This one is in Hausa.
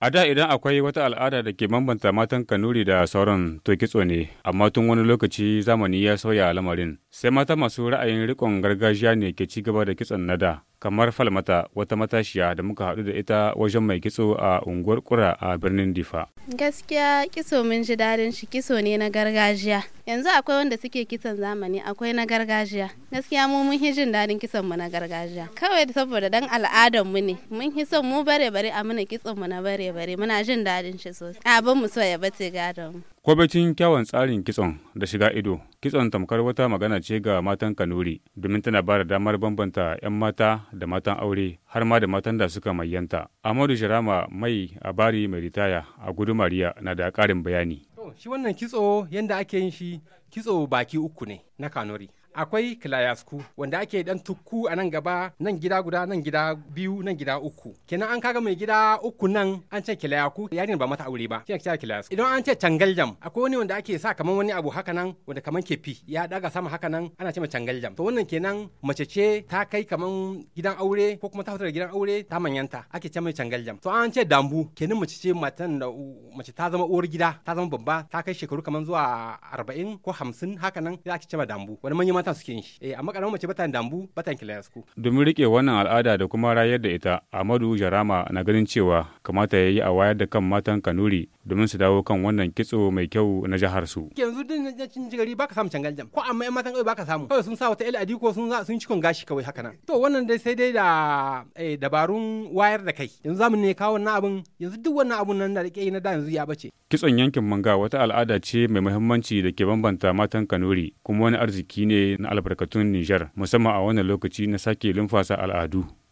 A da idan akwai wata al'ada da ke bambanta matan kanuri da sauran to kitso ne, amma tun wani lokaci zamani ya sauya lamarin. Sai mata masu ra'ayin riƙon gargajiya ne ke ci gaba da kitson na da. kamar falmata wata matashiya da muka haɗu da ita wajen mai kitso a unguwar kura a birnin difa gaskiya kitso mun ji dadin shi kitso ne na gargajiya yanzu akwai wanda suke kitson zamani akwai na gargajiya gaskiya mu mun yi jin dadin kitson mu na gargajiya kawai saboda dan al'adar mu ne mun yi son mu bare bare a muna kitson mu na bare bare muna jin dadin shi sosai abin mu so ya bace gadon mu kwabecin kyawun tsarin kitson da shiga ido, kitson tamkar wata magana ce ga matan Kanuri domin tana ba da damar bambanta 'yan mata da matan aure har ma da matan da suka mayyanta. Amadu Sharama mai a bari mai ritaya a gudu Mariya na da karin bayani. Shi wannan kitso yadda ake yin shi kitso baki uku ne na Kanuri. akwai kilayasku wanda ake dan tukku a nan gaba nan gida guda nan gida biyu nan gida uku kenan an kaga mai gida uku nan an ce kilayaku yarin ba mata aure ba kiyan ce kilayasku idan an ce cangaljam akwai wani wanda ake sa kaman wani abu haka nan wanda kaman kefi ya daga sama haka nan ana ce cangaljam to wannan kenan mace ce ta kai kaman gidan aure ko kuma ta fita gidan aure ta manyanta ake ce mai cangaljam to an ce dambu kenan mace ce matan da mace ta zama uwar gida ta zama babba ta kai shekaru kaman zuwa arba'in ko hamsin haka nan za ake ce dambu wani manyan mata suke yin shi eh, amma karamar mace batan dambu batan kilayasku domin rike wannan al'ada da kuma rayar da ita Amadu Jarama na ganin cewa kamata ya yi a wayar da kan matan Kanuri domin su dawo kan wannan kitso mai kyau na jihar su yanzu din cin jigari baka samu cangal jam ko amma matan kawai baka samu kawai sun sa wata ila ko sun sun cikon gashi kawai haka nan to wannan dai sai dai da eh, dabarun wayar da kai yanzu zamu ne kawo wannan abun yanzu duk wannan abun nan da rike na da yanzu ya bace kitson yankin manga wata al'ada ce mai muhimmanci da ke bambanta matan Kanuri kuma wani arziki ne na albarkatun Nijar, musamman a wannan lokaci na sake lumfasa al'adu.